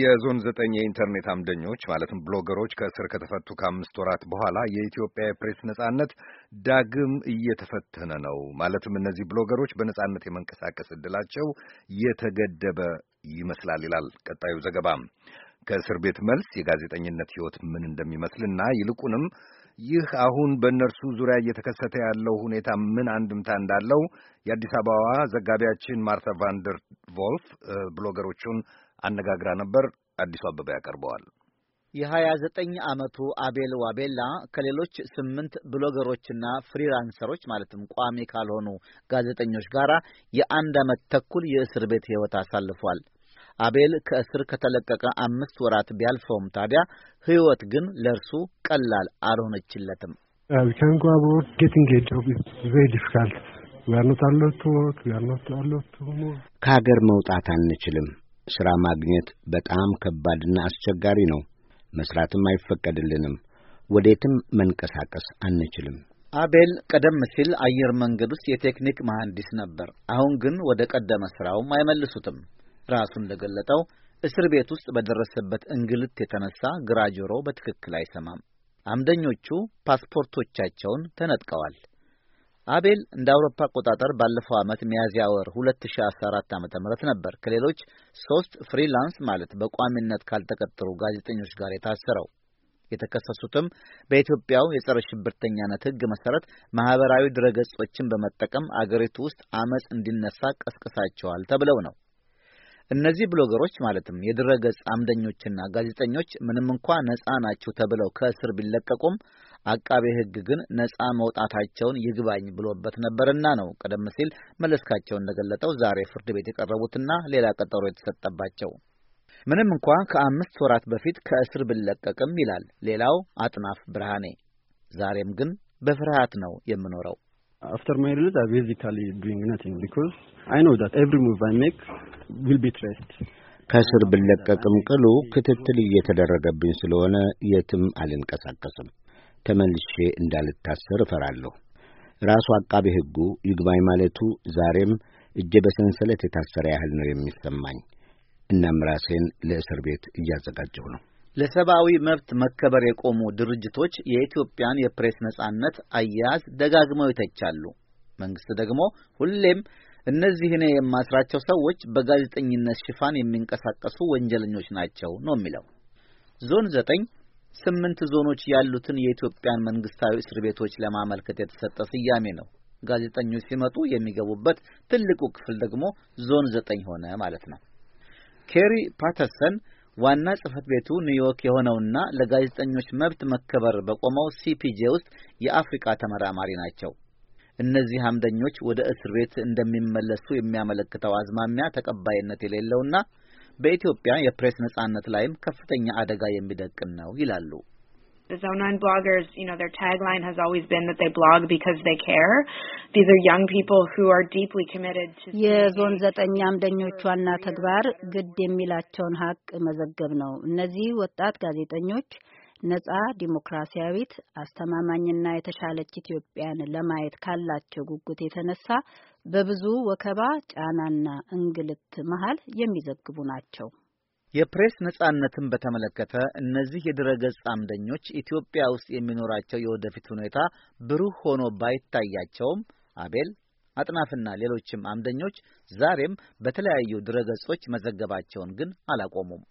የዞን ዘጠኝ የኢንተርኔት አምደኞች ማለትም ብሎገሮች ከእስር ከተፈቱ ከአምስት ወራት በኋላ የኢትዮጵያ የፕሬስ ነጻነት ዳግም እየተፈተነ ነው። ማለትም እነዚህ ብሎገሮች በነጻነት የመንቀሳቀስ እድላቸው የተገደበ ይመስላል ይላል ቀጣዩ ዘገባ። ከእስር ቤት መልስ የጋዜጠኝነት ሕይወት ምን እንደሚመስልና ይልቁንም ይህ አሁን በእነርሱ ዙሪያ እየተከሰተ ያለው ሁኔታ ምን አንድምታ እንዳለው የአዲስ አበባዋ ዘጋቢያችን ማርታ ቫንደር ቮልፍ ብሎገሮቹን አነጋግራ ነበር። አዲሱ አበባ ያቀርበዋል። የ29 ዓመቱ አቤል ዋቤላ ከሌሎች ስምንት ብሎገሮችና ፍሪላንሰሮች ማለትም ቋሚ ካልሆኑ ጋዜጠኞች ጋር የአንድ ዓመት ተኩል የእስር ቤት ሕይወት አሳልፏል። አቤል ከእስር ከተለቀቀ አምስት ወራት ቢያልፈውም ታዲያ ሕይወት ግን ለእርሱ ቀላል አልሆነችለትም። uh, ከሀገር መውጣት አንችልም። ሥራ ማግኘት በጣም ከባድና አስቸጋሪ ነው። መሥራትም አይፈቀድልንም። ወዴትም መንቀሳቀስ አንችልም። አቤል ቀደም ሲል አየር መንገድ ውስጥ የቴክኒክ መሐንዲስ ነበር። አሁን ግን ወደ ቀደመ ሥራውም አይመልሱትም። ራሱ እንደገለጠው እስር ቤት ውስጥ በደረሰበት እንግልት የተነሳ ግራ ጆሮ በትክክል አይሰማም። አምደኞቹ ፓስፖርቶቻቸውን ተነጥቀዋል። አቤል እንደ አውሮፓ አቆጣጠር ባለፈው ዓመት ሚያዝያ ወር 2014 ዓ.ም ነበር ከሌሎች ሶስት ፍሪላንስ ማለት በቋሚነት ካልተቀጠሩ ጋዜጠኞች ጋር የታሰረው። የተከሰሱትም በኢትዮጵያው የጸረ ሽብርተኛነት ሕግ መሰረት ማህበራዊ ድረገጾችን በመጠቀም አገሪቱ ውስጥ አመጽ እንዲነሳ ቀስቅሳቸዋል ተብለው ነው። እነዚህ ብሎገሮች ማለትም የድረገጽ አምደኞችና ጋዜጠኞች ምንም እንኳ ነፃ ናችሁ ተብለው ከእስር ቢለቀቁም አቃቤ ሕግ ግን ነጻ መውጣታቸውን ይግባኝ ብሎበት ነበርና ነው ቀደም ሲል መለስካቸው እንደገለጠው ዛሬ ፍርድ ቤት የቀረቡትና ሌላ ቀጠሮ የተሰጠባቸው። ምንም እንኳ ከአምስት ወራት በፊት ከእስር ብለቀቅም ይላል ሌላው አጥናፍ ብርሃኔ፣ ዛሬም ግን በፍርሃት ነው የምኖረው። after my release i basically doing nothing because i know that every move i make will be traced ከእስር ብለቀቅም ቅሉ ክትትል እየተደረገብኝ ስለሆነ የትም አልንቀሳቀስም። ተመልሼ እንዳልታሰር እፈራለሁ። ራሱ አቃቤ ሕጉ ይግባኝ ማለቱ ዛሬም እጄ በሰንሰለት የታሰረ ያህል ነው የሚሰማኝ። እናም ራሴን ለእስር ቤት እያዘጋጀሁ ነው። ለሰብአዊ መብት መከበር የቆሙ ድርጅቶች የኢትዮጵያን የፕሬስ ነጻነት አያያዝ ደጋግመው ይተቻሉ። መንግሥት ደግሞ ሁሌም እነዚህ እኔ የማስራቸው ሰዎች በጋዜጠኝነት ሽፋን የሚንቀሳቀሱ ወንጀለኞች ናቸው ነው የሚለው ዞን ዘጠኝ ስምንት ዞኖች ያሉትን የኢትዮጵያን መንግስታዊ እስር ቤቶች ለማመልከት የተሰጠ ስያሜ ነው። ጋዜጠኞች ሲመጡ የሚገቡበት ትልቁ ክፍል ደግሞ ዞን ዘጠኝ ሆነ ማለት ነው። ኬሪ ፓተርሰን ዋና ጽህፈት ቤቱ ኒውዮርክ የሆነውና ለጋዜጠኞች መብት መከበር በቆመው ሲፒጄ ውስጥ የአፍሪካ ተመራማሪ ናቸው። እነዚህ አምደኞች ወደ እስር ቤት እንደሚመለሱ የሚያመለክተው አዝማሚያ ተቀባይነት የሌለውና በኢትዮጵያ የፕሬስ ነጻነት ላይም ከፍተኛ አደጋ የሚደቅን ነው ይላሉ። The Zonan bloggers, you know, their tagline has always been that they blog because they care. These are young people who are deeply committed to የዞን ዘጠኝ አምደኞች ዋና ተግባር ግድ የሚላቸውን ሀቅ መዘገብ ነው። እነዚህ ወጣት ጋዜጠኞች ነጻ ዲሞክራሲያዊት አስተማማኝና የተሻለች ኢትዮጵያን ለማየት ካላቸው ጉጉት የተነሳ በብዙ ወከባ ጫናና እንግልት መሀል የሚዘግቡ ናቸው። የፕሬስ ነጻነትን በተመለከተ እነዚህ የድረገጽ አምደኞች ኢትዮጵያ ውስጥ የሚኖራቸው የወደፊት ሁኔታ ብሩህ ሆኖ ባይታያቸውም አቤል አጥናፍና ሌሎችም አምደኞች ዛሬም በተለያዩ ድረገጾች መዘገባቸውን ግን አላቆሙም።